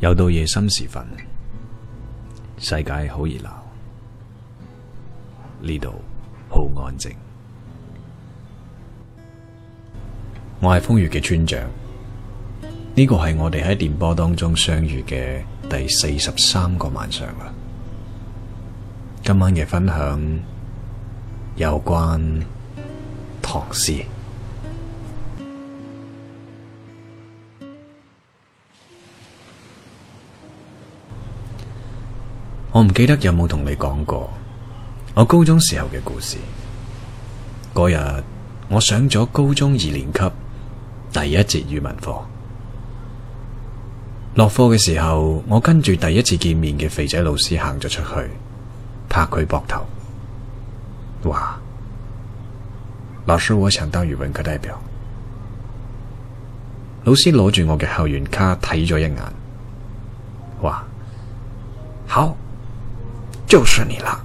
又到夜深時分，世界好熱鬧，呢度好安靜。我係瘋粵嘅村長，呢個係我哋喺電波當中相遇嘅第四十三個晚上啦。今晚嘅分享有關唐詩。我唔記得有冇同你講過我高中時候嘅故事。嗰日我上咗高中二年級第一節語文課，落課嘅時候，我跟住第一次見面嘅肥仔老師行咗出去，拍佢膊頭，話：老師，我想當語文課代表。老師攞住我嘅校園卡睇咗一眼，話：好。就是你啦，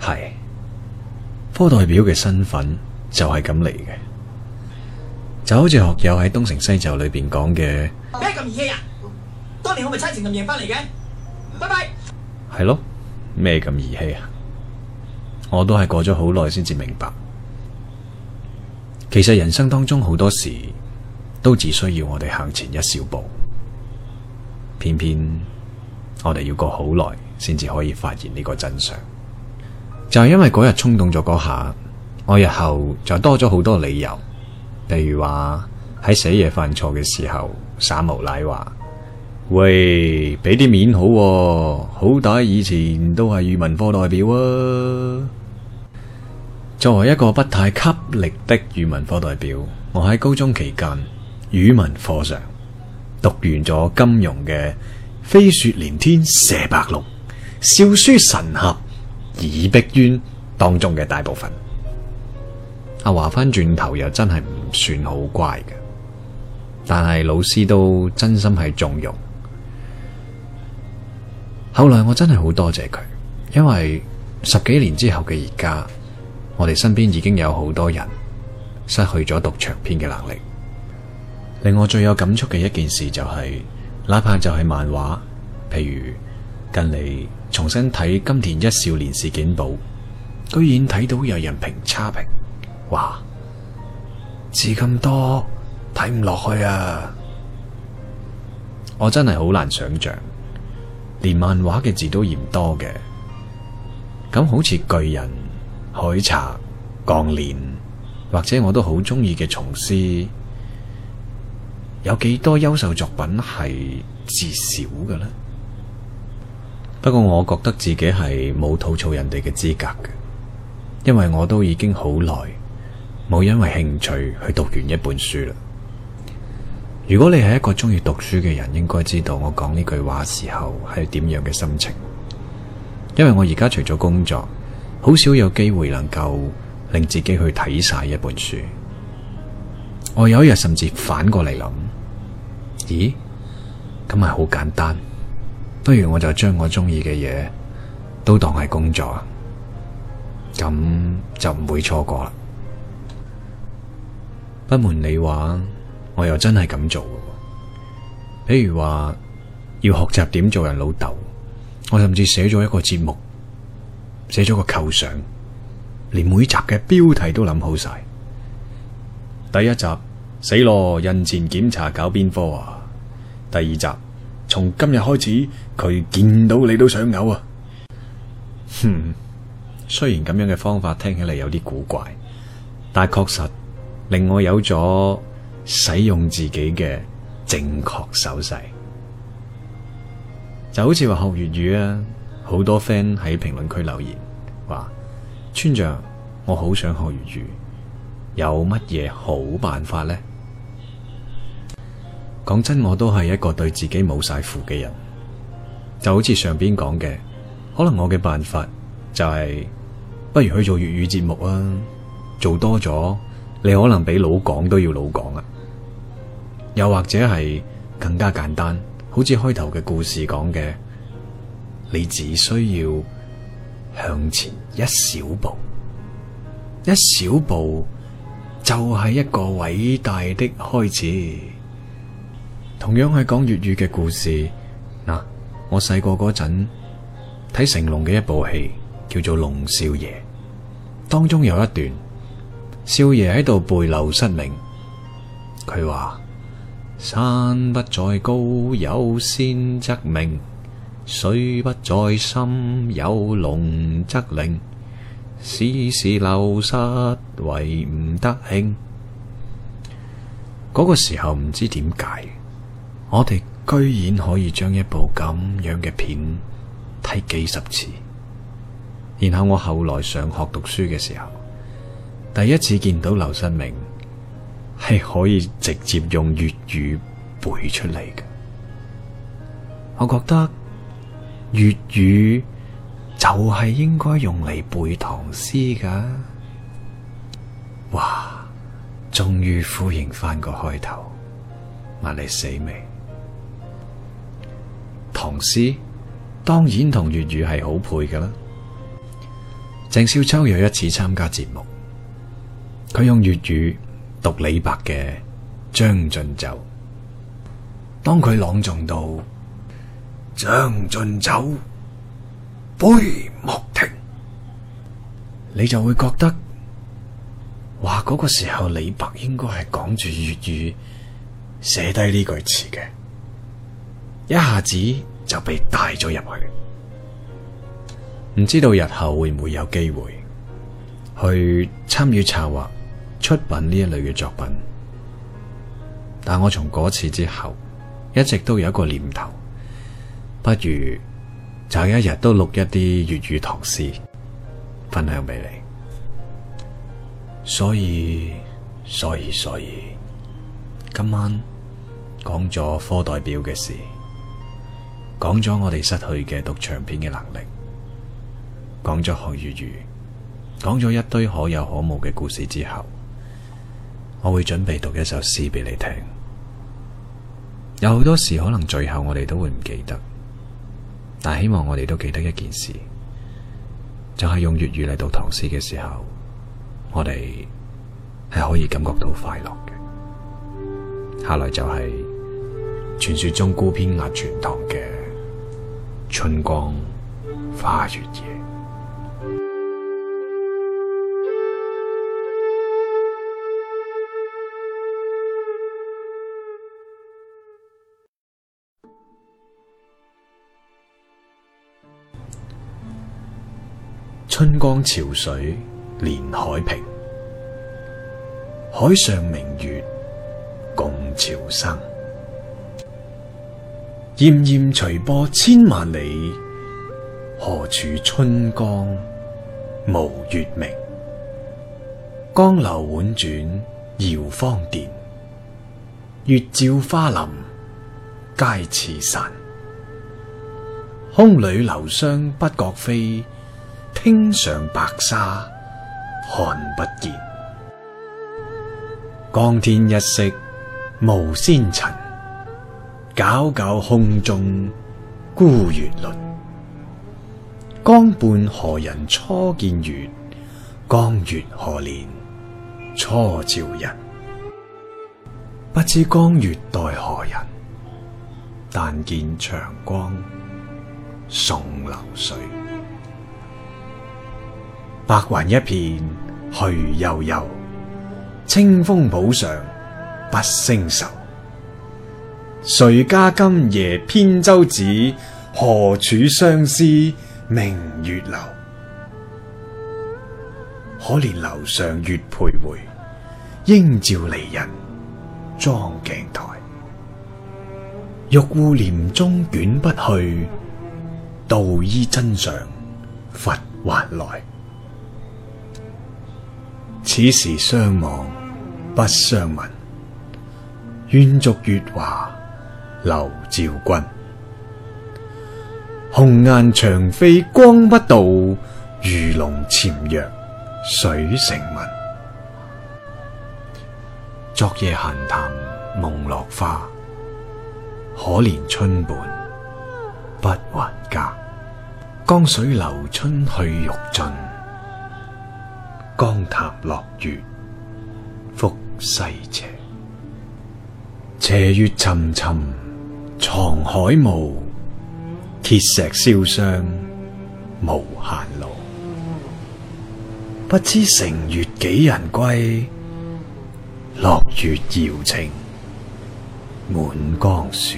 係科代表嘅身份就係咁嚟嘅，就好似學友喺東成西就裏邊講嘅。咩咁兒戲啊？當年我咪猜情尋咁贏翻嚟嘅。拜拜。係咯，咩咁兒戲啊？我都係過咗好耐先至明白，其實人生當中好多事都只需要我哋行前一小步，偏偏。我哋要過好耐，先至可以發現呢個真相。就係、是、因為嗰日衝動咗嗰下，我日後就多咗好多理由。譬如話喺寫嘢犯錯嘅時候耍無賴話，喂，俾啲面好啊，好歹以前都係語文科代表啊。作為一個不太給力的語文課代表，我喺高中期間語文課上讀完咗金庸嘅。飛雪連天射白鹿，笑書神俠倚碧鴛當中嘅大部分，啊話翻轉頭又真係唔算好乖嘅，但係老師都真心係縱容。後來我真係好多謝佢，因為十幾年之後嘅而家，我哋身邊已經有好多人失去咗讀長篇嘅能力。令我最有感觸嘅一件事就係、是。哪怕就係漫畫，譬如近嚟重新睇《金田一少年事件簿》，居然睇到有人評差評，嘩，字咁多，睇唔落去啊！我真係好難想象，連漫畫嘅字都嫌多嘅，咁好似巨人、海賊、鋼煉，或者我都好中意嘅《蟲師》。有幾多優秀作品係字少嘅呢？不過我覺得自己係冇吐槽人哋嘅資格嘅，因為我都已經好耐冇因為興趣去讀完一本書啦。如果你係一個中意讀書嘅人，應該知道我講呢句話時候係點樣嘅心情，因為我而家除咗工作，好少有機會能夠令自己去睇晒一本書。我有一日甚至反過嚟諗，咦？咁係好簡單，不如我就將我鍾意嘅嘢都當係工作，咁就唔會錯過啦。不瞞你話，我又真係咁做。譬如話要學習點做人老豆，我甚至寫咗一個節目，寫咗個構想，連每集嘅標題都諗好晒。第一集死咯！孕前檢查搞邊科啊？第二集從今日開始，佢見到你都想嘔啊！哼，雖然咁樣嘅方法聽起嚟有啲古怪，但係確實令我有咗使用自己嘅正確手勢，就好似話學粵語啊！好多 friend 喺評論區留言話：村長，我好想學粵語。有乜嘢好辦法呢？講真，我都係一個對自己冇晒符嘅人，就好似上邊講嘅，可能我嘅辦法就係、是，不如去做粵語節目啊！做多咗，你可能比老廣都要老廣啊！又或者係更加簡單，好似開頭嘅故事講嘅，你只需要向前一小步，一小步。就係一個偉大的開始，同樣係講粵語嘅故事。嗱、啊，我細個嗰陣睇成龍嘅一部戲，叫做《龍少爺》，當中有一段少爺喺度背《陋室銘》，佢話，山不在高，有仙則名；水不在深，有龍則、有龍則靈。斯是陋室，唯吾德馨，嗰、嗰個時候唔知點解，我哋居然可以將一部咁樣嘅片睇幾十次。然後我後來上學讀書嘅時候，第一次見到陋室銘係可以直接用粵語背出嚟嘅。我覺得粵語。就係應該用嚟背唐詩噶，哇！終於呼應翻個開頭，問你死未？唐詩當然同粵語係好配噶啦。鄭少秋有一次參加節目，佢用粵語讀李白嘅《將進酒》，當佢朗誦到《將進酒》，杯莫停，你就會覺得，話，嗰個時候李白應該係講住粵語寫低呢句詞嘅，一下子就被帶咗入去。唔知道日後會唔會有機會去參與策劃出品呢一類嘅作品，但我從嗰次之後一直都有一個念頭，不如。就一日都錄一啲粵語唐詩分享俾你，所以所以所以今晚講咗科代表嘅事，講咗我哋失去嘅讀長篇嘅能力，講咗學粵語，講咗一堆可有可無嘅故事之後，我會準備讀一首詩俾你聽。有好多事可能最後我哋都會唔記得。但希望我哋都記得一件事，就係、是、用粵語嚟讀唐詩嘅時候，我哋係可以感覺到快樂嘅。下來就係、是、傳說中孤篇壓全唐嘅《春江花月夜》。春江潮水連海平，海上明月共潮生。灩灩隨波千萬里，何處春江無月明？江流宛轉繞芳甸，月照花林皆似霰。空裏流霜不覺飛。汀上白沙，看不見。江天一色無纖塵，皎皎空中孤月輪。江畔何人初見月？江月何年初照人？不知江月待何人？但見長江送流水。白雲一片去悠悠，青楓浦上不勝愁。誰家今夜扁舟子？何處相思明月樓？可憐樓上月徘徊，應照離人妝鏡台。玉戶簾中卷不去，搗衣砧上拂還來。此時相望不相聞，願逐月華流照君。鴻雁長飛光不度，魚龍潛躍水成文。昨夜閒潭夢落花，可憐春半不還家。江水流春去欲盡。江潭落月復西斜，斜月沉沉藏海霧，碣石瀟湘無限路。不知乘月幾人歸？落月搖情滿江樹。